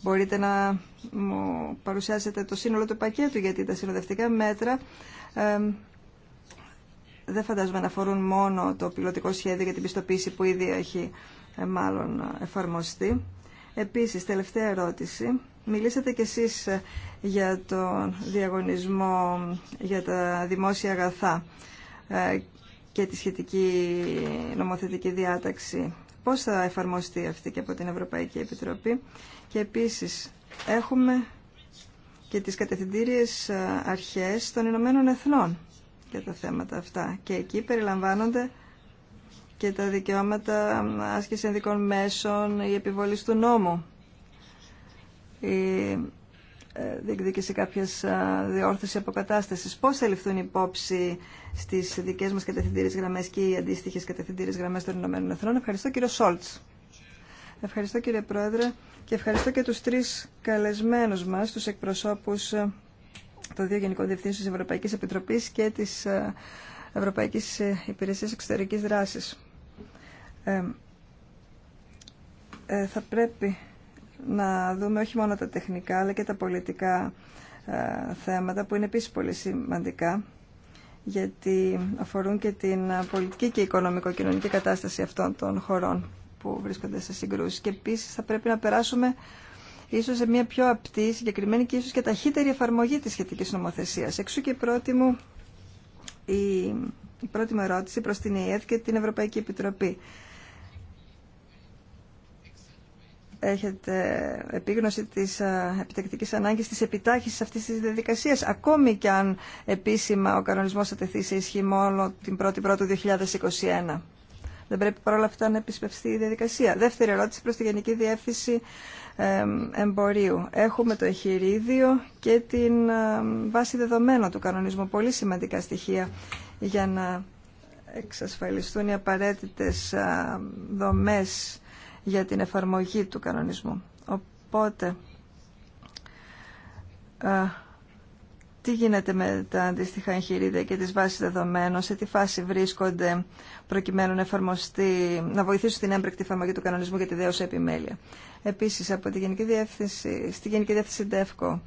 Μπορείτε να μου παρουσιάσετε το σύνολο του πακέτου, γιατί τα συνοδευτικά μέτρα δεν φαντάζομαι να αφορούν μόνο το πιλωτικό σχέδιο για την πιστοποίηση που ήδη έχει ε, μάλλον εφαρμοστεί. Επίσης, τελευταία ερώτηση. Μιλήσατε κι εσείς ε, για τον διαγωνισμό για τα δημόσια αγαθά ε, και τη σχετική νομοθετική διάταξη πώς θα εφαρμοστεί αυτή και από την Ευρωπαϊκή Επιτροπή. Και επίσης έχουμε και τις κατευθυντήριες ε, αρχές των Ηνωμένων Εθνών για τα θέματα αυτά. Και εκεί περιλαμβάνονται και τα δικαιώματα άσκηση ενδικών μέσων, η επιβολή του νόμου, ε, διεκδίκηση κάποιας ε, διόρθωση αποκατάστασης. Πώς θα ληφθούν υπόψη στις δικές μας κατευθυντήριες γραμμές και οι αντίστοιχες κατευθυντήριες γραμμές των Ηνωμένων Εθνών. Ευχαριστώ κύριο Σόλτς. Ευχαριστώ κύριε Πρόεδρε και ευχαριστώ και τους τρεις καλεσμένους μας, τους εκπροσώπους ε, των δύο Γενικών Διευθύνσεων της Ευρωπαϊκής Επιτροπής και της Ευρωπαϊκής Υπηρεσίας Εξωτερικής Δράσης. Ε, θα πρέπει να δούμε όχι μόνο τα τεχνικά αλλά και τα πολιτικά ε, θέματα που είναι επίσης πολύ σημαντικά γιατί αφορούν και την ε, πολιτική και οικονομικο-κοινωνική κατάσταση αυτών των χωρών που βρίσκονται σε συγκρούσεις. Και επίσης θα πρέπει να περάσουμε ίσως σε μια πιο απτή, συγκεκριμένη και ίσως και ταχύτερη εφαρμογή της σχετικής νομοθεσίας. Εξού και η, πρώτη μου ερώτηση προς την ΕΕ και την Ευρωπαϊκή Επιτροπή. έχετε επίγνωση της επιτακτικής ανάγκης της επιτάχυσης αυτής της διαδικασίας, ακόμη και αν επίσημα ο κανονισμός θα τεθεί σε ισχύ μόνο την 1η Πρώτου 2021. Δεν πρέπει παρόλα αυτά να επισπευστεί η διαδικασία. Δεύτερη ερώτηση προς τη Γενική Διεύθυνση Εμπορίου. Έχουμε το εχειρίδιο και την βάση δεδομένων του κανονισμού. Πολύ σημαντικά στοιχεία για να εξασφαλιστούν οι απαραίτητες δομές για την εφαρμογή του κανονισμού. Οπότε, α, τι γίνεται με τα αντίστοιχα εγχειρίδια και τις βάσεις δεδομένων, σε τι φάση βρίσκονται προκειμένου να, εφαρμοστεί, να βοηθήσουν την έμπρεκτη εφαρμογή του κανονισμού για τη δέωση επιμέλεια. Επίσης, από τη Γενική Διεύθυνση, στη Γενική Διεύθυνση ΔΕΦΚΟ,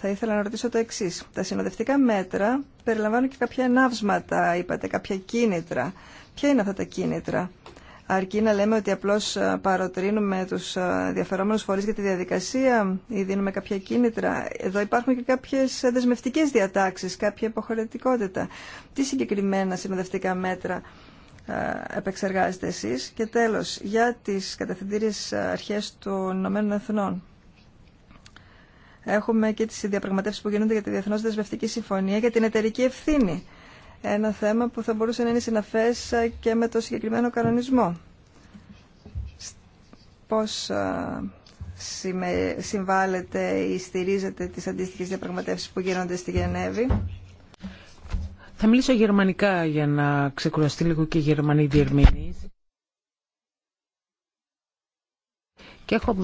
θα ήθελα να ρωτήσω το εξή. Τα συνοδευτικά μέτρα περιλαμβάνουν και κάποια ενάυσματα, είπατε, κάποια κίνητρα. Ποια είναι αυτά τα κίνητρα αρκεί να λέμε ότι απλώς ε, παροτρύνουμε τους ε, διαφερόμενους φορείς για τη διαδικασία ή δίνουμε κάποια κίνητρα. Εδώ υπάρχουν και κάποιες δεσμευτικές διατάξεις, κάποια υποχρεωτικότητα. Τι συγκεκριμένα συμμετευτικά μέτρα ε, επεξεργάζετε εσείς και τέλος για τις κατευθυντήριες αρχές των ΗΠΑ Εθνών. Έχουμε και τις διαπραγματεύσεις που γίνονται για τη Διεθνώς Δεσμευτική Συμφωνία για την εταιρική ευθύνη ένα θέμα που θα μπορούσε να είναι συναφές ε, και με το συγκεκριμένο κανονισμό. Πώς ε, συμβάλλεται ή στηρίζεται τις αντίστοιχες διαπραγματεύσεις που γίνονται στη Γενέβη. Θα μιλήσω γερμανικά για να ξεκουραστεί λίγο και η Γερμανή διερμηνή. Και έχω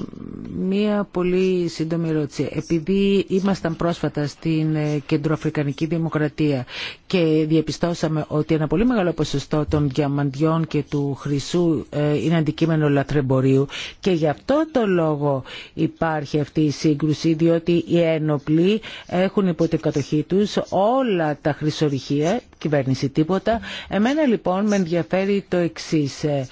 μία πολύ σύντομη ερώτηση. Επειδή ήμασταν πρόσφατα στην ε, Κεντροαφρικανική Δημοκρατία και διαπιστώσαμε ότι ένα πολύ μεγάλο ποσοστό των διαμαντιών και του χρυσού ε, είναι αντικείμενο λαθρεμπορίου και γι' αυτό το λόγο υπάρχει αυτή η σύγκρουση διότι οι ένοπλοι έχουν υπό την κατοχή τους όλα τα χρυσορυχεία κυβέρνηση τίποτα. Εμένα λοιπόν με ενδιαφέρει το εξή. Ε,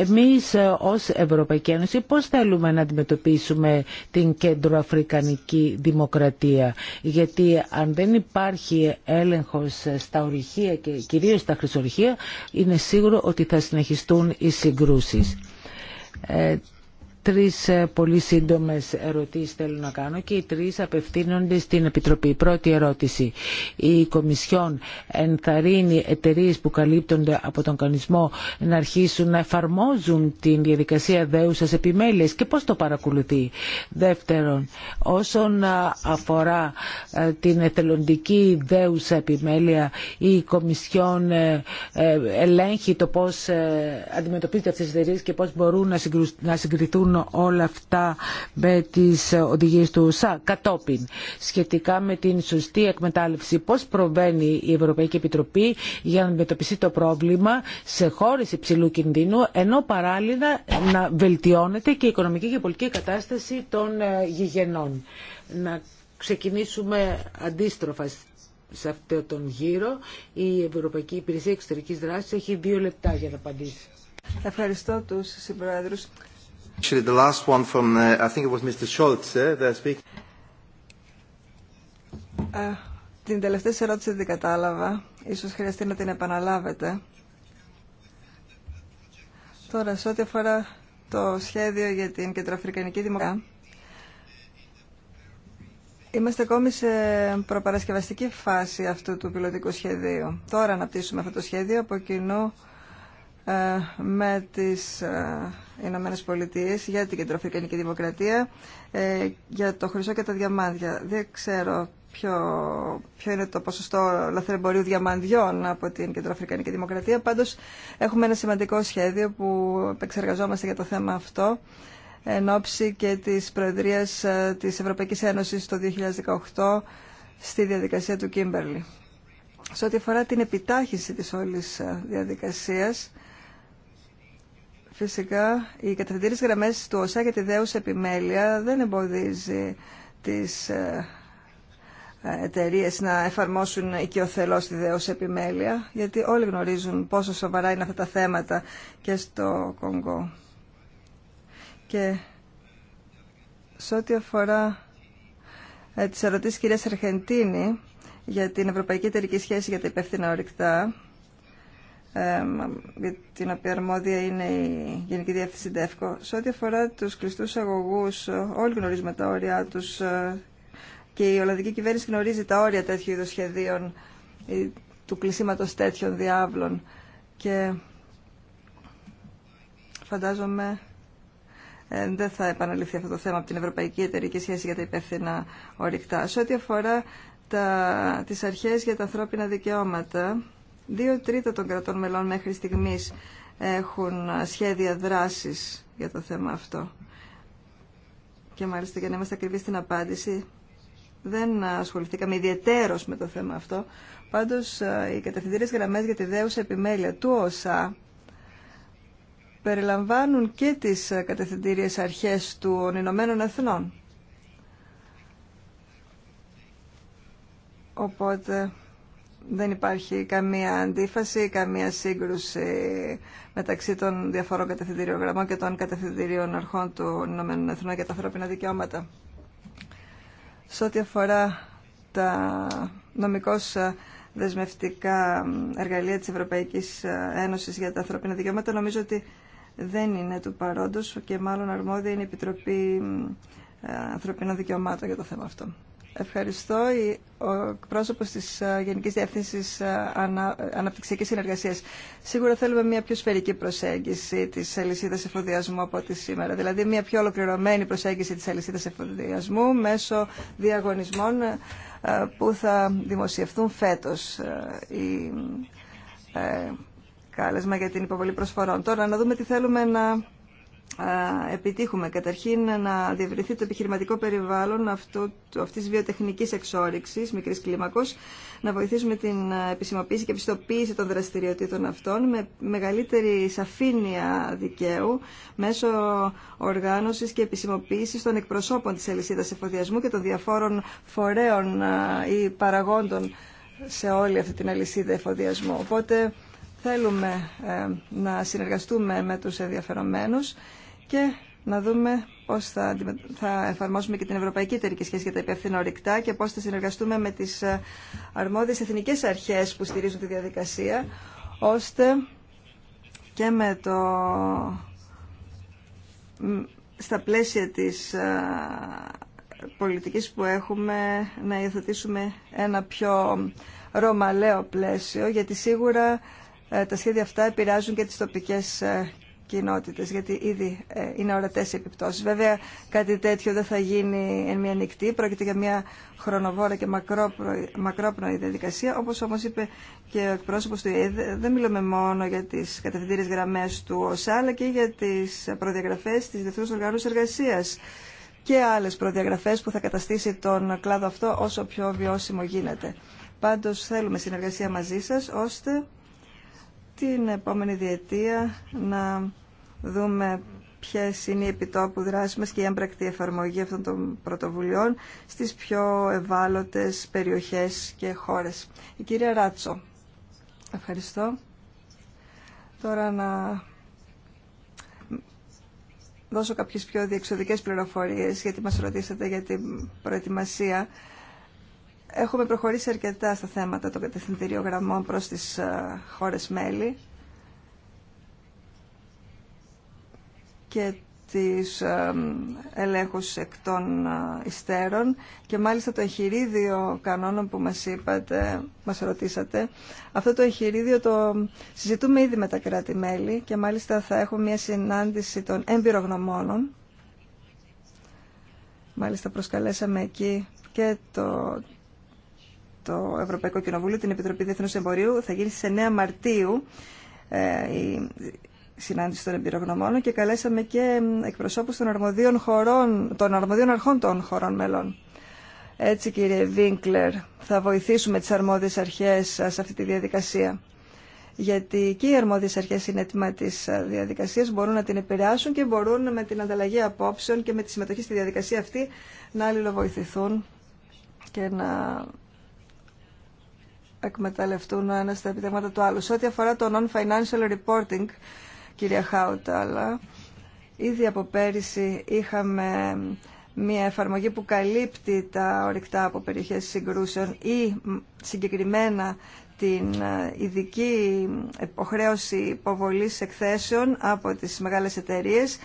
εμείς ε, ως Ευρωπαϊκή Ένωση πώ θέλουμε να αντιμετωπίσουμε την κεντροαφρικανική δημοκρατία. Γιατί αν δεν υπάρχει έλεγχος στα ορυχεία και κυρίως στα χρυσορυχεία είναι σίγουρο ότι θα συνεχιστούν οι συγκρούσεις. Ε, Τρεις ε, πολύ σύντομες ερωτήσεις θέλω να κάνω και οι τρεις απευθύνονται στην Επιτροπή. Πρώτη ερώτηση. Η Κομισιόν ενθαρρύνει εταιρείε που καλύπτονται από τον κανονισμό να αρχίσουν να εφαρμόζουν την διαδικασία δέουσας επιμέλειας και πώς το παρακολουθεί. Δεύτερον, όσον αφορά ε, την εθελοντική δέουσα επιμέλεια, η Κομισιόν ε, ελέγχει το πώς αντιμετωπίζεται αυτές τις εταιρείε και πώς μπορούν να συγκριθούν όλα αυτά με τις οδηγίες του ΣΑ κατόπιν σχετικά με την σωστή εκμετάλλευση. Πώς προβαίνει η Ευρωπαϊκή Επιτροπή για να αντιμετωπιστεί το πρόβλημα σε χώρες υψηλού κινδύνου ενώ παράλληλα να βελτιώνεται και η οικονομική και πολιτική κατάσταση των ε, γηγενών. Να ξεκινήσουμε αντίστροφα σε αυτό τον γύρο. Η Ευρωπαϊκή Υπηρεσία Εξωτερικής Δράσης έχει δύο λεπτά για να απαντήσει. Ευχαριστώ τους συμπρόεδρους. Την τελευταία ερώτηση δεν κατάλαβα. Ίσως χρειαστεί να την επαναλάβετε. Τώρα, σε ό,τι αφορά το σχέδιο για την Κεντροαφρικανική Δημοκρατία, είμαστε ακόμη σε προπαρασκευαστική φάση αυτού του πιλωτικού σχεδίου. Τώρα αναπτύσσουμε αυτό το σχέδιο από κοινού ε, με τις ε, Ηνωμένε Πολιτείε για την Κεντροαφρικανική δημοκρατία ε, για το χρυσό και τα διαμάντια. Δεν ξέρω ποιο, ποιο είναι το ποσοστό λαθρεμπορίου διαμαντιών από την Κεντροαφρικανική δημοκρατία. Πάντως έχουμε ένα σημαντικό σχέδιο που επεξεργαζόμαστε για το θέμα αυτό εν ώψη και της Προεδρίας της Ευρωπαϊκής Ένωσης το 2018 στη διαδικασία του Κίμπερλι. Σε ό,τι αφορά την επιτάχυση της όλης διαδικασίας, Φυσικά, οι κατευθυντήρες γραμμές του ΟΣΑ για τη δέουσα επιμέλεια δεν εμποδίζει τις ε, εταιρείε να εφαρμόσουν οικειοθελώ τη δέουσα επιμέλεια, γιατί όλοι γνωρίζουν πόσο σοβαρά είναι αυτά τα θέματα και στο Κονγκό. Και σε ό,τι αφορά ε, τις ερωτήσεις κυρίας Αρχεντίνη για την Ευρωπαϊκή Εταιρική Σχέση για τα υπεύθυνα ορυκτά, για την οποία αρμόδια είναι η Γενική Διεύθυνση ΔΕΦΚΟ. Σε ό,τι αφορά τους κλειστούς αγωγούς, όλοι γνωρίζουμε τα όρια τους ε, και η Ολλανδική κυβέρνηση γνωρίζει τα όρια τέτοιου είδους σχεδίων του κλεισίματος τέτοιων διάβλων και φαντάζομαι ε, δεν θα επαναληφθεί αυτό το θέμα από την Ευρωπαϊκή Εταιρική Σχέση για τα υπεύθυνα ορυκτά. Σε ό,τι αφορά τι τις για τα ανθρώπινα δικαιώματα, Δύο τρίτα των κρατών μελών μέχρι στιγμής έχουν σχέδια δράσης για το θέμα αυτό. Και μάλιστα για να είμαστε ακριβείς στην απάντηση, δεν ασχοληθήκαμε ιδιαίτερος με το θέμα αυτό. Πάντως, οι κατευθυντήριες γραμμές για τη δέουσα επιμέλεια του ΩΣΑ περιλαμβάνουν και τις κατευθυντήριες αρχές των Ηνωμένων Εθνών. Οπότε, δεν υπάρχει καμία αντίφαση, καμία σύγκρουση μεταξύ των διαφορών κατευθυντηριών γραμμών και των κατευθυντηρίων αρχών του Ηνωμένου Εθνών για τα ανθρώπινα δικαιώματα. Σε ό,τι αφορά τα νομικώς ε, δεσμευτικά εργαλεία της Ευρωπαϊκής ε, Ένωσης για τα ανθρώπινα δικαιώματα, νομίζω ότι δεν είναι του παρόντος και μάλλον αρμόδια είναι η Επιτροπή ε, Ανθρωπίνων Δικαιωμάτων για το θέμα αυτό. Ευχαριστώ. Ο πρόσωπος τη ε, Γενική Διεύθυνση ε, αναπτυξιακή συνεργασία. Σίγουρα θέλουμε μια πιο σφαιρική προσέγγιση τη αλυσίδας εφοδιασμού από τη σήμερα. Δηλαδή μια πιο ολοκληρωμένη προσέγγιση τη αλυσίδας εφοδιασμού μέσω διαγωνισμών ε, που θα δημοσιευθούν φέτο Η... Κάλεσμα για την υποβολή προσφορών. Τώρα να δούμε τι θέλουμε να επιτύχουμε. Καταρχήν να διευρυνθεί το επιχειρηματικό περιβάλλον αυτή τη βιοτεχνική βιοτεχνικής μικρή κλίμακο, να βοηθήσουμε την επισημοποίηση και επιστοποίηση των δραστηριοτήτων αυτών με μεγαλύτερη σαφήνεια δικαίου μέσω οργάνωσης και επισημοποίηση των εκπροσώπων τη αλυσίδα εφοδιασμού και των διαφόρων φορέων ή παραγόντων σε όλη αυτή την αλυσίδα εφοδιασμού. Οπότε Θέλουμε ε, να συνεργαστούμε με τους ενδιαφερομένους και να δούμε πώς θα, θα εφαρμόσουμε και την Ευρωπαϊκή Εταιρική Σχέση για τα υπεύθυνα ορυκτά και πώς θα συνεργαστούμε με τις ε, αρμόδιες εθνικές αρχές που στηρίζουν τη διαδικασία, ώστε και με το... στα πλαίσια της ε, πολιτικής που έχουμε να υιοθετήσουμε ένα πιο ρωμαλαίο πλαίσιο, γιατί σίγουρα ε, τα σχέδια αυτά επηρεάζουν και τις τοπικές ε, κοινότητες, γιατί ήδη ε, είναι ορατές οι επιπτώσεις. Βέβαια κάτι τέτοιο δεν θα γίνει εν μια νυχτή, πρόκειται για μια χρονοβόρα και μακρόπνοη διαδικασία. Όπως όμως είπε και ο εκπρόσωπος του ΙΕΔ, δεν μιλούμε μόνο για τις κατευθυντήριες γραμμές του ΟΣΑ, αλλά και για τις προδιαγραφές της Διεθνούς Οργανούς Εργασίας και άλλες προδιαγραφές που θα καταστήσει τον κλάδο αυτό όσο πιο βιώσιμο γίνεται. Πάντως θέλουμε συνεργασία μαζί σας ώστε την επόμενη διετία να δούμε ποιες είναι οι επιτόπου δράσεις μας και η έμπρακτη εφαρμογή αυτών των πρωτοβουλειών στις πιο ευάλωτες περιοχές και χώρες. Η κυρία Ράτσο. Ευχαριστώ. Τώρα να δώσω κάποιες πιο διεξοδικές πληροφορίες γιατί μας ρωτήσατε για την προετοιμασία Έχουμε προχωρήσει αρκετά στα θέματα των κατευθυντηρίων γραμμών προς τις ε, χώρες μέλη και τις ε, ελέγχους εκ των ε, υστέρων και μάλιστα το εγχειρίδιο κανόνων που μας είπατε, μας ρωτήσατε, αυτό το εγχειρίδιο το συζητούμε ήδη με τα κράτη-μέλη και μάλιστα θα έχουμε μια συνάντηση των εμπειρογνωμόνων. Μάλιστα προσκαλέσαμε εκεί και το, το Ευρωπαϊκό Κοινοβούλιο, την Επιτροπή Διεθνούς Εμπορίου. Θα γίνει στις 9 Μαρτίου ε, η συνάντηση των εμπειρογνωμών και καλέσαμε και εκπροσώπους των αρμοδίων, χωρών, των αρμοδίων αρχών των χωρών μελών. Έτσι κύριε Βίνκλερ, θα βοηθήσουμε τις αρμόδιες αρχές ε, σε αυτή τη διαδικασία. Γιατί και οι αρμόδιες αρχές είναι έτοιμα τη ε, διαδικασίας, μπορούν να την επηρεάσουν και μπορούν με την ανταλλαγή απόψεων και με τη συμμετοχή στη διαδικασία αυτή να αλληλοβοηθηθούν και να εκμεταλλευτούν ο ένας τα επιτεγμάτα του άλλου. Σε ό,τι αφορά το non-financial reporting, κυρία Χάουταλα, ήδη από πέρυσι είχαμε μια εφαρμογή που καλύπτει τα ορυκτά από περιοχές συγκρούσεων ή συγκεκριμένα την ε, ειδική υποχρέωση υποβολής εκθέσεων από τις μεγάλες εταιρείες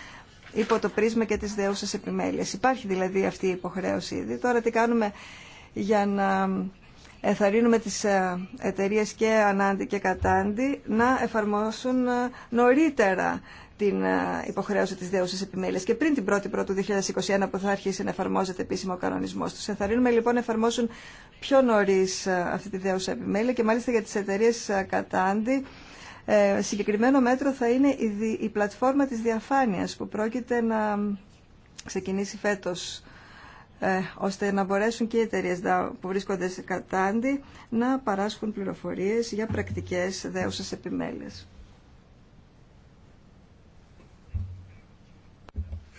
υπό το πρίσμα και της δεούσας επιμέλειας. Υπάρχει δηλαδή αυτή η υποχρέωση ήδη. Τώρα τι κάνουμε για να εθαρρύνουμε τις ε, εταιρείε και ανάντι και κατάντι να εφαρμόσουν ε, νωρίτερα την ε, υποχρέωση της δέωσης επιμέλειας και πριν την 1η του 2021 που θα αρχίσει να εφαρμόζεται επίσημο ο κανονισμός τους. Εθαρρύνουμε λοιπόν να εφαρμόσουν πιο νωρίς αυτή τη δεωση επιμέλεια και μάλιστα για τις εταιρείε κατάντι συγκεκριμένο μέτρο θα είναι η πλατφόρμα της διαφάνειας που πρόκειται να ξεκινήσει φέτος ε, ώστε να μπορέσουν και οι εταιρείε που βρίσκονται σε κατάντη να παράσχουν πληροφορίες για πρακτικές δέουσες επιμέλειες.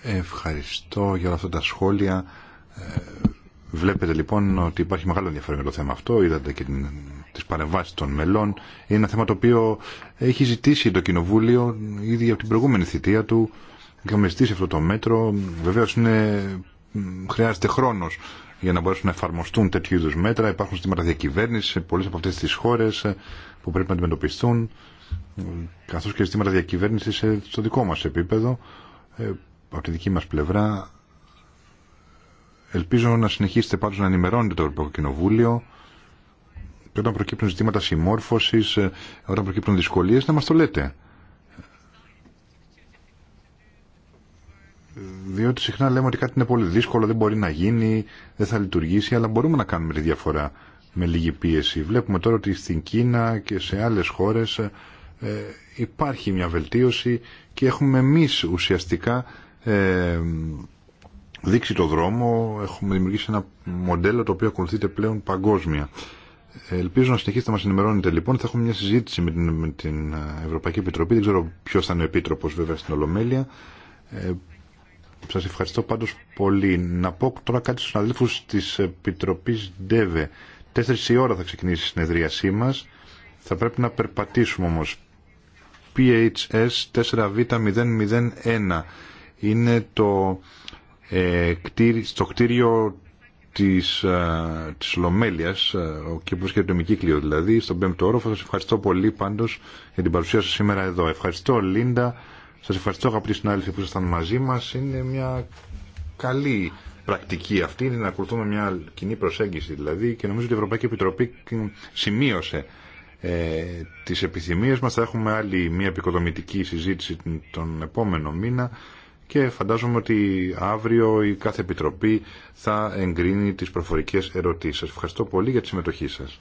Ευχαριστώ για όλα αυτά τα σχόλια. Ε, βλέπετε λοιπόν ότι υπάρχει μεγάλο ενδιαφέρον για το θέμα αυτό. Είδατε και τις παρεμβάσεις των μελών. Είναι ένα θέμα το οποίο έχει ζητήσει το Κοινοβούλιο ήδη από την προηγούμενη θητεία του. Είχαμε ζητήσει αυτό το μέτρο. Βεβαίως είναι χρειάζεται χρόνο για να μπορέσουν να εφαρμοστούν τέτοιου είδου μέτρα. Υπάρχουν ζητήματα διακυβέρνηση σε πολλέ από αυτέ τι χώρε ε, που πρέπει να αντιμετωπιστούν, ε, καθώ και ζητήματα διακυβέρνηση ε, στο δικό μα επίπεδο, από τη δική μα πλευρά. Ελπίζω να συνεχίσετε πάντω να ενημερώνετε το Ευρωπαϊκό Κοινοβούλιο και όταν προκύπτουν ζητήματα συμμόρφωση, όταν προκύπτουν δυσκολίε, να μα το λέτε. διότι συχνά λέμε ότι κάτι είναι πολύ δύσκολο, δεν μπορεί να γίνει, δεν θα λειτουργήσει, αλλά μπορούμε να κάνουμε τη διαφορά με λίγη πίεση. Βλέπουμε τώρα ότι στην Κίνα και σε άλλες χώρες ε, υπάρχει μια βελτίωση και έχουμε εμείς ουσιαστικά ε, δείξει το δρόμο, έχουμε δημιουργήσει ένα μοντέλο το οποίο ακολουθείται πλέον παγκόσμια. Ελπίζω να συνεχίσετε να μα ενημερώνετε λοιπόν. Θα έχουμε μια συζήτηση με την, την ε, Ευρωπαϊκή Επιτροπή. Δεν ξέρω ποιο θα είναι ο επίτροπο βέβαια στην Ολομέλεια. Ε, Σα ευχαριστώ πάντω πολύ. Να πω τώρα κάτι στου αδέλφους τη επιτροπή ΔΕΒΕ. Τέσσερι η ώρα θα ξεκινήσει η συνεδρίασή μα. Θα πρέπει να περπατήσουμε όμω. PHS 4V001 είναι το, ε, στο κτίριο της, ε, της Λομέλειας, ε, ο κύπρος και το κύκλιο δηλαδή, στον πέμπτο όροφο. Σας ευχαριστώ πολύ πάντως για την παρουσία σας σήμερα εδώ. Ευχαριστώ Λίντα. Σας ευχαριστώ αγαπητοί συνάδελφοι που ήσασταν μαζί μας. Είναι μια καλή πρακτική αυτή, είναι να ακολουθούμε μια κοινή προσέγγιση δηλαδή και νομίζω ότι η Ευρωπαϊκή Επιτροπή σημείωσε ε, τις επιθυμίες μας. Θα έχουμε άλλη μια επικοδομητική συζήτηση τον επόμενο μήνα και φαντάζομαι ότι αύριο η κάθε επιτροπή θα εγκρίνει τις προφορικές ερωτήσεις. Σας ευχαριστώ πολύ για τη συμμετοχή σας.